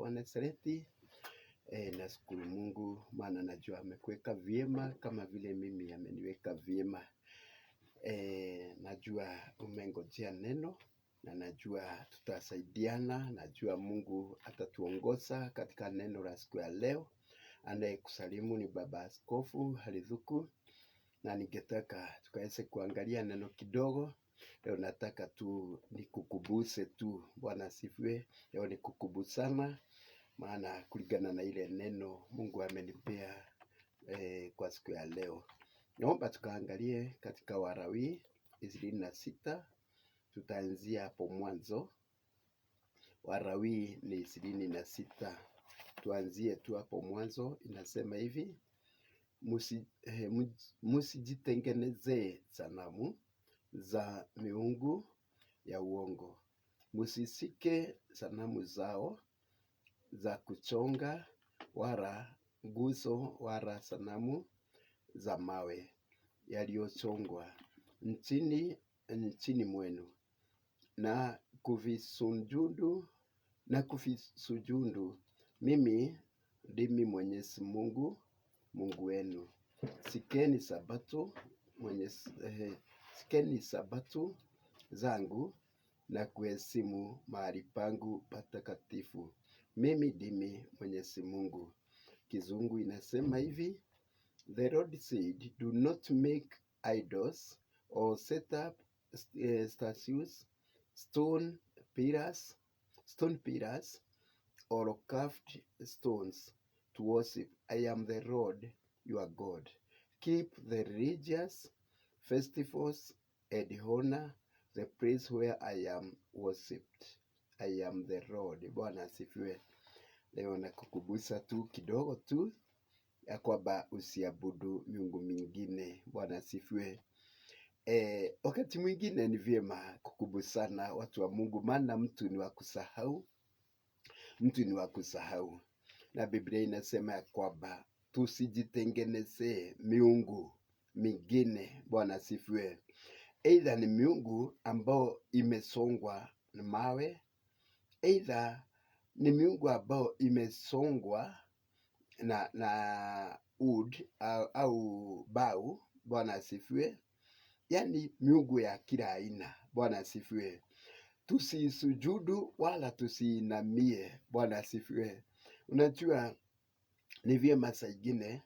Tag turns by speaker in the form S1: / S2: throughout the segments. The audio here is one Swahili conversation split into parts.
S1: Yesu wa e, eh, na shukuru Mungu maana najua amekuweka vyema kama vile mimi ameniweka vyema. E, najua umengojea neno na najua tutasaidiana, najua Mungu atatuongoza katika neno la siku ya leo. Anayekusalimu ni Baba Askofu Harizuku, na ningetaka tukaweze kuangalia neno kidogo leo. Nataka tu nikukubuse tu, Bwana sifiwe. Leo nikukubusana maana kulingana na ile neno Mungu amenipea eh, kwa siku ya leo. Naomba tukaangalie katika warawi ishirini na sita tutaanzia hapo mwanzo. warawi ni ishirini na sita tuanzie tu hapo mwanzo. Inasema hivi eh, musijitengeneze sanamu za miungu ya uongo, musisike sanamu zao za kuchonga wala nguzo wala sanamu za mawe yaliyochongwa nchini, nchini mwenu na kuvisujudu na kuvisujudu. Mimi ndimi Mwenyezi Mungu Mungu wenu. Sikeni sabato mwenyezi, eh, sikeni sabato zangu na kuheshimu mahali pangu patakatifu. Mimi ndimi Mwenyezi Mungu. Kizungu inasema hivi, The Lord said, do not make idols or set up eh, statues, stone pillars, stone pillars or carved stones to worship. I am the Lord your God. Keep the religious festivals and honor the place where I am worshipped. I am the Lord. Bwana asifiwe. Leo na tu kidogo tu ya kwamba usiabudu miungu mingine. Bwana asifiwe. Eh, wakati mwingine ni vyema kukubusana watu wa Mungu, maana mtu ni wa kusahau, mtu ni wa kusahau, na Biblia inasema ya kwamba tusijitengenezee miungu mingine. Bwana asifiwe. Aidha ni miungu ambao imesongwa na mawe Aidha ni miungu ambayo imesongwa na na wood au, au bau. Bwana asifiwe. Yaani miungu ya kila aina. Bwana asifiwe. Tusisujudu wala tusiinamie. Bwana asifiwe. Unajua ni vyema saingine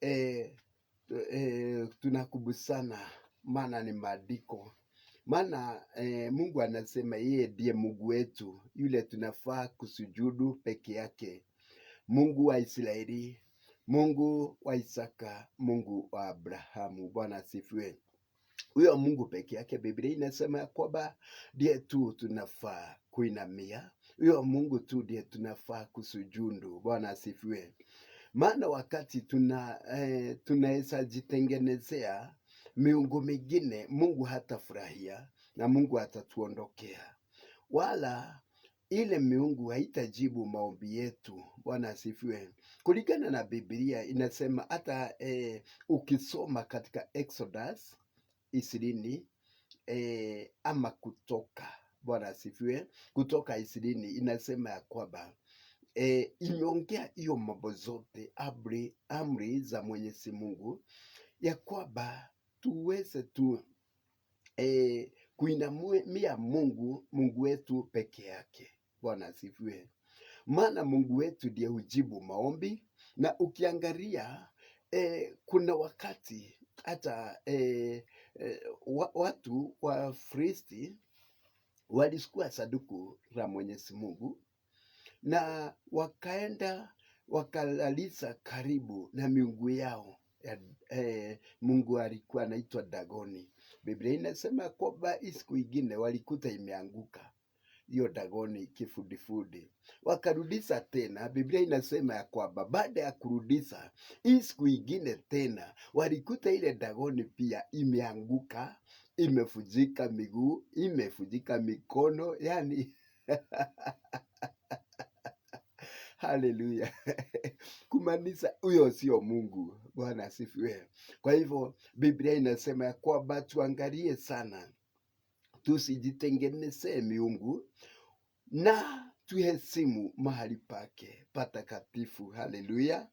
S1: ingine e, e, tunakubusana maana ni maandiko maana e, Mungu anasema yeye ndiye Mungu wetu yule tunafaa kusujudu peke yake, Mungu wa Israeli, Mungu wa Isaka, Mungu wa Abrahamu. Bwana asifiwe. Huyo Mungu peke yake Biblia inasema ya kwamba ndiye tu tunafaa kuinamia, huyo Mungu tu ndiye tunafaa kusujudu. Bwana asifiwe. Maana wakati tuna eh, tunaweza jitengenezea miungu mingine Mungu hatafurahia na Mungu atatuondokea wala ile miungu haitajibu maombi yetu. Bwana asifiwe. Kulingana na Biblia inasema hata e, ukisoma katika Exodus ishirini e, ama Kutoka, Bwana asifiwe, Kutoka ishirini inasema ya kwamba e, imeongea hiyo mambo zote, amri amri za Mwenyezi Mungu ya kwamba tuweze tu eh, kuinamia Mungu, Mungu wetu peke yake. Bwana asifiwe. Maana Mungu wetu ndiye hujibu maombi, na ukiangalia eh, kuna wakati hata eh, eh, watu wa Filisti walisukua sanduku la Mwenyezi Mungu na wakaenda wakalaliza karibu na miungu yao eh, Mungu alikuwa anaitwa Dagoni. Biblia inasema kwamba siku ingine walikuta imeanguka hiyo Dagoni kifudifudi, wakarudisha tena. Biblia inasema ya kwamba baada ya kurudisha hii siku ingine tena walikuta ile Dagoni pia imeanguka, imefujika miguu, imefujika mikono, yani Haleluya. Kumaanisha huyo sio Mungu. Bwana asifiwe. Kwa hivyo Biblia inasema ya kwamba tuangalie sana, tusijitengenezee miungu na tuhesimu mahali pake patakatifu. Haleluya.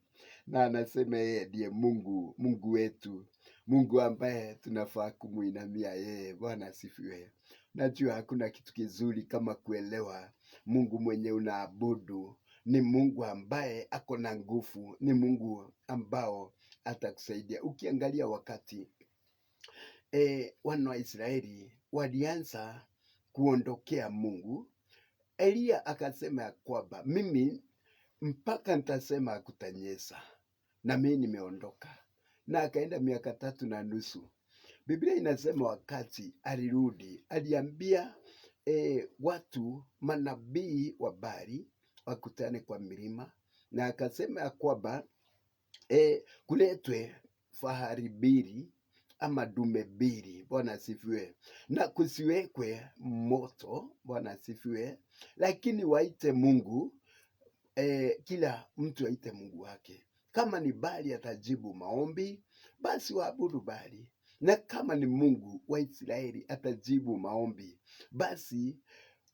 S1: Na anasema yeye ndiye Mungu, Mungu wetu, Mungu ambaye tunafaa kumwinamia yeye. Bwana asifiwe. Najua hakuna kitu kizuri kama kuelewa Mungu mwenye unaabudu ni Mungu ambaye ako na nguvu, ni Mungu ambao atakusaidia. Ukiangalia wakati e, wana wa Israeli walianza kuondokea Mungu, Elia akasema ya kwamba mimi mpaka nitasema akutanyesa na mimi nimeondoka, na akaenda miaka tatu na nusu. Biblia inasema wakati alirudi aliambia e, watu manabii wa Bali wakutane kwa milima, na akasema ya kwamba e, kuletwe fahari mbili ama dume mbili. Bwana sifiwe, Na kusiwekwe moto. Bwana sifiwe, Lakini waite Mungu e, kila mtu aite Mungu wake. Kama ni Bali atajibu maombi, basi waabudu Bali, na kama ni Mungu wa Israeli atajibu maombi, basi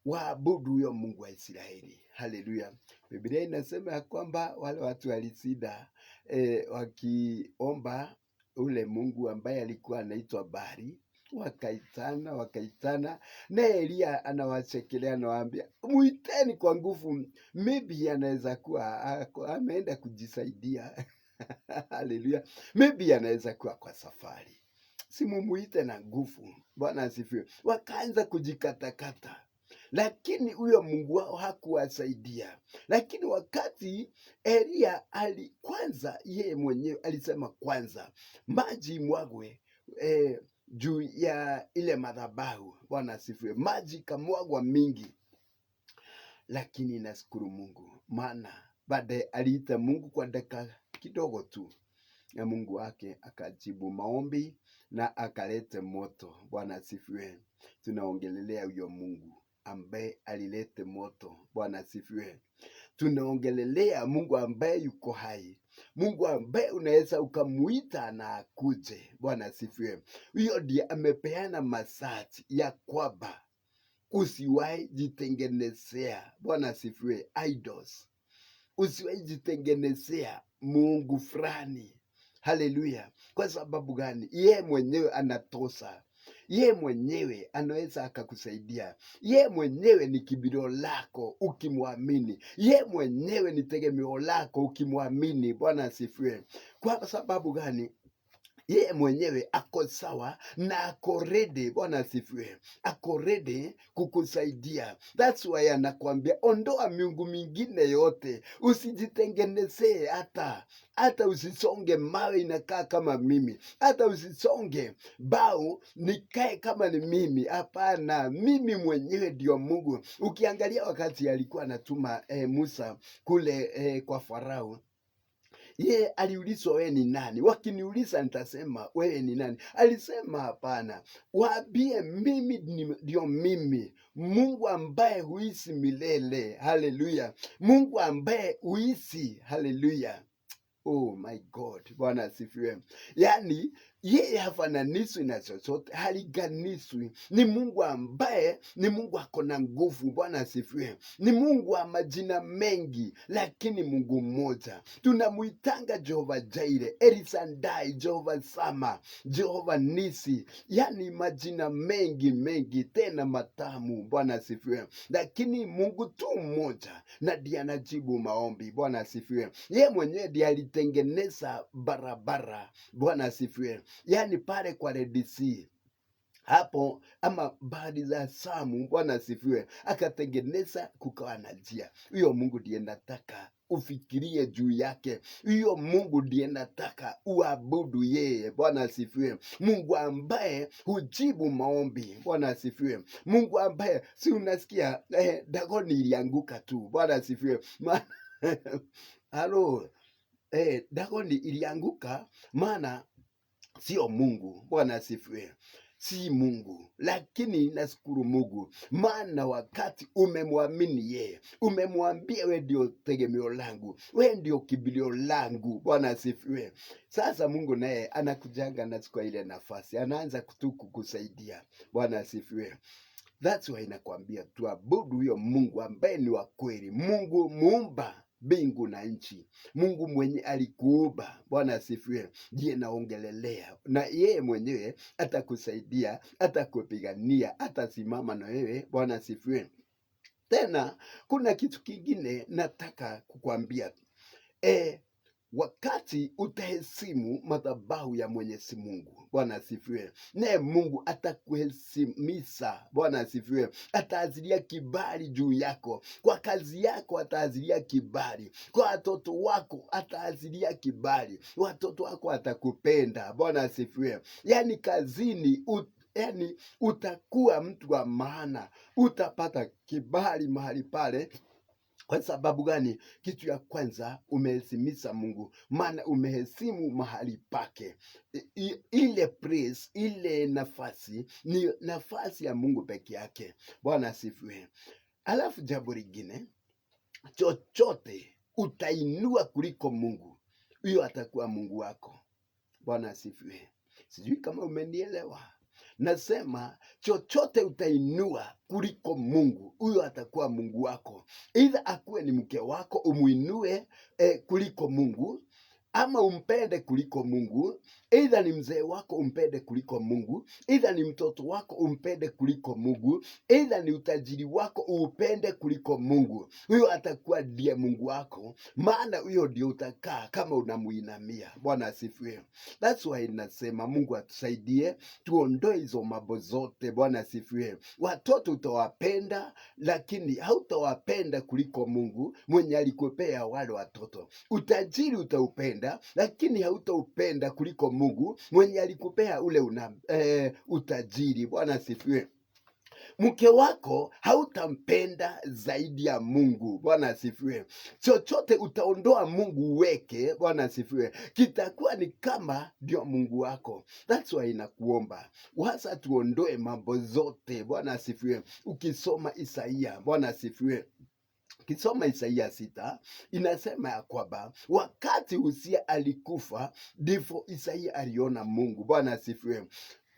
S1: waabudu huyo Mungu wa Israeli. Haleluya! Biblia inasema ya kwamba wale watu walisida e, wakiomba ule Mungu ambaye alikuwa anaitwa Bari wakaitana wakaitana, na Elia anawachekelea anawaambia, muiteni kwa nguvu, maybe anaweza kuwa ameenda kujisaidia. Haleluya, maybe anaweza kuwa kwa safari, simumuite na nguvu. Bwana asifiwe. Wakaanza kujikatakata lakini huyo Mungu wao hakuwasaidia. Lakini wakati Elia ali kwanza, yeye mwenyewe alisema kwanza, maji mwagwe eh, juu ya ile madhabahu. Bwana asifiwe. Maji kamwagwa mingi, lakini nashukuru Mungu, maana baadaye aliita Mungu kwa dakika kidogo tu na Mungu wake akajibu maombi na akalete moto. Bwana asifiwe. Tunaongelelea huyo Mungu ambaye alilete moto. Bwana asifiwe. Tunaongelelea Mungu ambaye yuko hai, Mungu ambaye unaweza ukamuita na akuje. Bwana asifiwe. Huyo ndiye amepeana masaji ya kwamba usiwahi jitengenezea, Bwana asifiwe, idols. Usiwahi jitengenezea mungu fulani. Haleluya! Kwa sababu gani? Yeye mwenyewe anatosa Ye mwenyewe anaweza akakusaidia. Ye mwenyewe ni kibiro lako ukimwamini. Ye mwenyewe ni tegemeo lako ukimwamini. Bwana asifiwe. Kwa sababu gani? ye mwenyewe ako sawa na ako ready. Bwana asifiwe, ako ready kukusaidia. That's why anakwambia ondoa miungu mingine yote, usijitengenezee hata hata usisonge mawe inakaa kama mimi, hata usisonge bau nikae kama ni mimi. Hapana, mimi mwenyewe ndio Mungu. Ukiangalia wakati alikuwa anatuma eh, Musa kule eh, kwa Farao Ye aliulizwa wewe ni nani? Wakiniuliza nitasema wewe ni nani? Alisema hapana, waambie mimi ndio mimi, Mungu ambaye huisi milele. Haleluya, Mungu ambaye huisi Haleluya. Oh my God, Bwana asifiwe. Yaani yeye hafananishwi na chochote, haliganishwi. Ni Mungu ambaye ni Mungu akona nguvu. Bwana asifiwe. Ni Mungu wa majina mengi, lakini Mungu mmoja. Tunamuitanga Jehova Jaire, Elisandai, Jehova Sama, Jehova Nisi, yani majina mengi mengi tena matamu. Bwana asifiwe, lakini Mungu tu mmoja, na ndiye anajibu maombi. Bwana asifiwe. Yeye mwenyewe ndiye alitengeneza barabara. Bwana asifiwe yaani pale kwa Laodicea hapo ama bahari za Samu. Bwana asifiwe. Akatengeneza kukawa na njia. Huyo Mungu ndiye nataka ufikirie juu yake. huyo Mungu ndiye nataka uabudu yeye. Bwana asifiwe. Mungu ambaye hujibu maombi. Bwana asifiwe. Mungu ambaye si unasikia eh, dagoni ilianguka tu. Bwana asifiwe. Halo eh, dagoni ilianguka maana sio Mungu. Bwana asifiwe si Mungu, lakini nashukuru Mungu, maana wakati umemwamini yeye, umemwambia we ndio tegemeo langu, we ndio kibilio langu. Bwana asifiwe. Sasa Mungu naye anakujanga nachukua ile nafasi, anaanza tu kukusaidia. Bwana asifiwe. That's why nakwambia tuabudu huyo Mungu ambaye ni wa kweli, Mungu muumba mbingu na nchi. Mungu mwenye alikuumba, Bwana asifiwe, ndiye naongelelea, na yeye mwenyewe atakusaidia, atakupigania, atasimama na wewe. Bwana asifiwe. Tena kuna kitu kingine nataka kukwambia e, wakati utahesimu madhabahu ya Mwenyezi Mungu. Bwana asifiwe. Naye Mungu atakuhesimisa. Bwana asifiwe. Ataazilia kibali juu yako, kwa kazi yako ataazilia kibali, kwa watoto wako ataazilia kibali, watoto wako atakupenda. Bwana asifiwe. Yaani kazini ut yaani utakuwa mtu wa maana, utapata kibali mahali pale kwa sababu gani? Kitu ya kwanza umeheshimisa Mungu, maana umehesimu mahali pake. I, ile praise, ile nafasi ni nafasi ya Mungu peke yake. Bwana asifiwe. Alafu jambo lingine, chochote utainua kuliko Mungu, huyo atakuwa Mungu wako. Bwana asifiwe. Sijui kama umenielewa. Nasema chochote utainua kuliko Mungu, huyo atakuwa Mungu wako. Either akuwe ni mke wako umuinue eh, kuliko Mungu ama umpende kuliko Mungu, aidha ni mzee wako umpende kuliko Mungu, aidha ni mtoto wako umpende kuliko Mungu, aidha ni utajiri wako upende kuliko Mungu, huyo atakuwa ndiye Mungu wako, maana huyo ndio utakaa kama unamuinamia. Bwana asifiwe. That's why nasema Mungu atusaidie tuondoe hizo mambo zote. Bwana asifiwe. Watoto utawapenda, lakini hautawapenda kuliko Mungu mwenye alikupea wale watoto. Utajiri utaupenda utaupenda, lakini hautaupenda kuliko Mungu mwenye alikupea ule una, e, utajiri. Bwana asifiwe. Mke wako hautampenda zaidi ya Mungu. Bwana asifiwe. Chochote utaondoa Mungu weke, Bwana asifiwe, kitakuwa ni kama ndio Mungu wako. That's why inakuomba wasa, tuondoe mambo zote. Bwana asifiwe. Ukisoma Isaia, Bwana asifiwe Kisoma Isaia sita inasema ya kwamba wakati Uzia alikufa, ndipo Isaia aliona Mungu. Bwana asifiwe.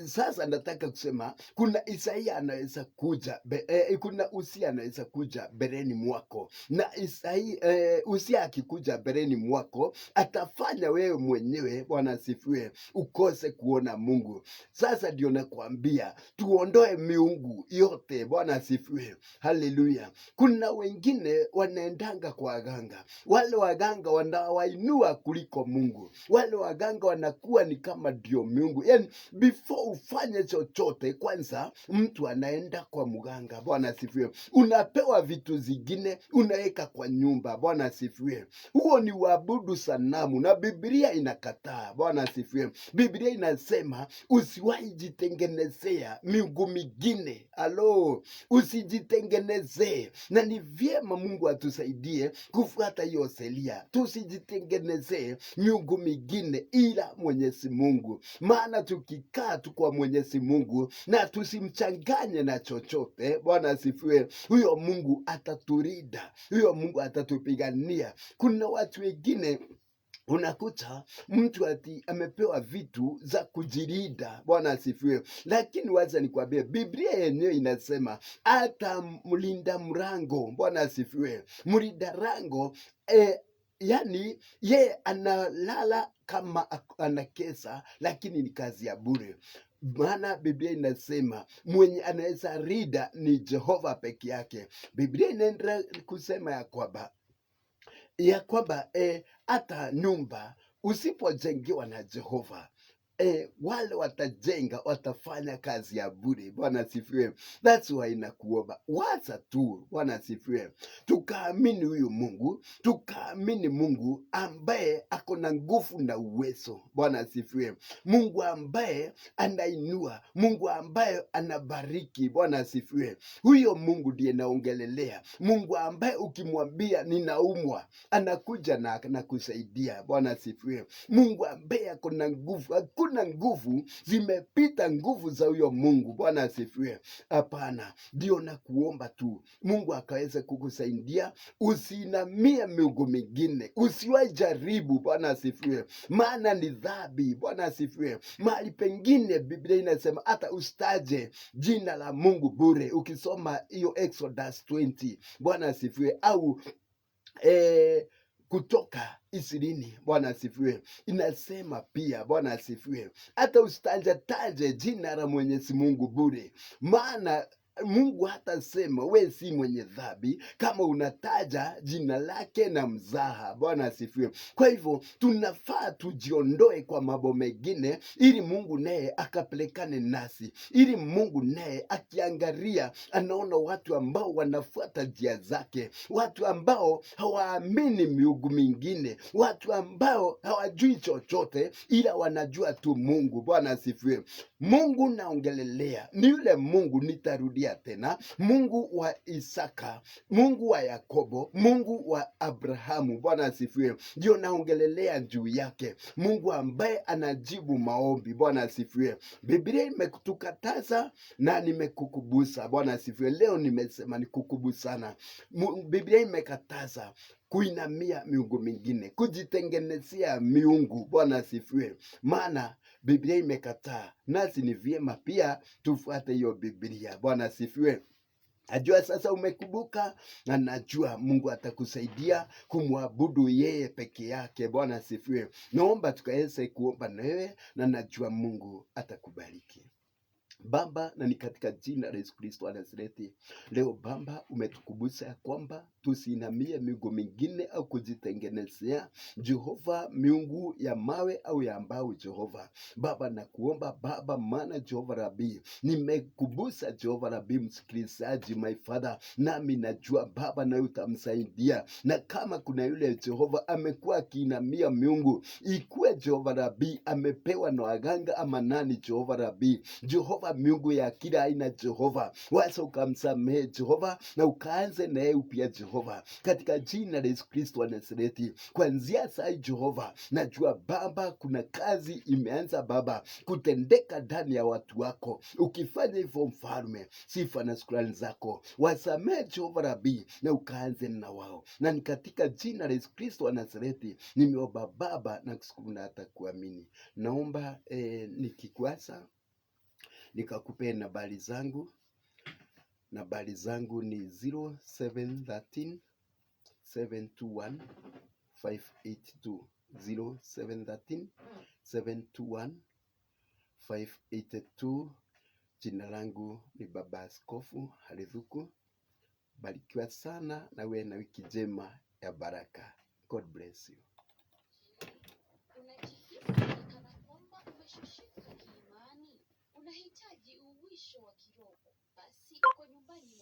S1: Sasa nataka kusema kuna Isaia anaweza kuja be, eh, eh kuna Usia anaweza kuja bereni mwako na Isai, eh, Usia akikuja bereni mwako atafanya wewe mwenyewe, Bwana asifiwe, ukose kuona Mungu. Sasa ndio nakwambia tuondoe miungu yote, Bwana asifiwe, haleluya. Kuna wengine wanaendanga kwa waganga, wale waganga wanawainua kuliko Mungu, wale waganga wanakuwa ni kama ndio miungu, yani before ufanye chochote, kwanza mtu anaenda kwa mganga. Bwana sifiwe. Unapewa vitu zingine unaweka kwa nyumba. Bwana sifiwe. Huo ni uabudu sanamu, na Biblia inakataa. Bwana sifiwe. Biblia inasema usiwaijitengenezea miungu mingine. Alo, usijitengenezee. Na ni vyema Mungu atusaidie kufuata hiyo selia, tusijitengenezee miungu mingine ila Mwenyezi Mungu, maana tukikaa kwa Mwenyezi Mungu na tusimchanganye na chochote. Bwana asifiwe. Huyo Mungu ataturida huyo Mungu atatupigania. Kuna watu wengine unakuta mtu ati amepewa vitu za kujilinda. Bwana asifiwe. Lakini ni nikwambie, Biblia yenyewe inasema hata mlinda mlango, Bwana asifiwe, mlinda lango e, yani ye analala kama anakesa, lakini ni kazi ya bure maana Biblia inasema mwenye anaweza rida ni Jehova peke yake. Biblia inaendelea kusema ya kwamba ya kwamba eh, hata e, nyumba usipojengiwa na Jehova eh, wale watajenga watafanya kazi ya bure. Bwana asifiwe. That's why nakuomba waza tu, Bwana asifiwe, tukaamini huyu Mungu, tukaamini Mungu ambaye ako na nguvu na uwezo. Bwana asifiwe, Mungu ambaye anainua, Mungu ambaye anabariki. Bwana asifiwe, huyo Mungu ndiye naongelelea, Mungu ambaye ukimwambia ninaumwa, anakuja na kusaidia Bwana asifiwe, Mungu ambaye ako na nguvu hakuna nguvu zimepita nguvu za huyo Mungu. Bwana asifiwe. Hapana, ndio na kuomba tu Mungu akaweze kukusaidia. usinamie miungu mingine, usiwajaribu. Bwana asifiwe, maana ni dhambi. Bwana asifiwe. Mahali pengine Biblia inasema hata usitaje jina la Mungu bure, ukisoma hiyo Exodus 20. Bwana asifiwe au eh, kutoka ishirini. Bwana asifiwe. Inasema pia, Bwana asifiwe, hata taje jina la Mwenyezi Mungu bure, maana Mungu hatasema we si mwenye dhambi kama unataja jina lake na mzaha. Bwana asifiwe. Kwa hivyo tunafaa tujiondoe kwa mambo mengine, ili Mungu naye akapelekane nasi, ili Mungu naye akiangalia, anaona watu ambao wanafuata njia zake, watu ambao hawaamini miungu mingine, watu ambao hawajui chochote, ila wanajua tu Mungu. Bwana asifiwe. Mungu naongelelea ni yule Mungu, nitarudia anarudia tena, Mungu wa Isaka, Mungu wa Yakobo, Mungu wa Abrahamu. Bwana asifiwe, ndio naongelelea juu yake, Mungu ambaye anajibu maombi. Bwana asifiwe. Biblia imekutukataza na nimekukubusa. Bwana asifiwe. Leo nimesema nikukubusana. Biblia imekataza kuinamia miungu mingine, kujitengenezea miungu. Bwana asifiwe, maana Biblia imekataa, nasi ni vyema pia tufuate hiyo Biblia. Bwana asifiwe. Najua sasa umekumbuka, na najua Mungu atakusaidia kumwabudu yeye peke yake. Bwana asifiwe. Naomba tukaweze kuomba nawe, na najua Mungu atakubariki. Baba, na ni katika jina la Yesu Kristo wa Nazareti, leo Baba umetukumbusha ya kwamba tusinamie miungu mingine au kujitengenezea Jehova miungu ya mawe au ya mbao. Jehova Baba, nakuomba Baba, maana Jehova Rabi, nimekubusa Jehova Rabi, msikilizaji, my Father, nami najua Baba naye utamsaidia, na kama kuna yule Jehova amekuwa akiinamia miungu, ikuwe Jehova Rabi amepewa na waganga ama nani, Jehova Rabi, Jehova kutoka miungu ya kila aina Jehova. Wacha ukamsamehe Jehova na ukaanze naye upya Jehova, katika jina la Yesu Kristo wa Nazareti. Kuanzia sai Jehova, najua Baba, kuna kazi imeanza Baba kutendeka ndani ya watu wako. Ukifanya hivyo, Mfalme, sifa na shukrani zako. Wasamehe Jehova Rabii na ukaanze na wao, na ni katika jina la Yesu Kristo wa Nazareti nimeomba Baba na kushukuru na hata kuamini. Naomba eh, nikikwasa nikakupea nambari zangu. Nambari zangu ni 0713 721 582 0713 Jina langu ni Baba Askofu Harithuku. Barikiwa sana na wewe na wiki njema ya baraka. God bless you. mafundisho wa kiroho basi uko nyumbani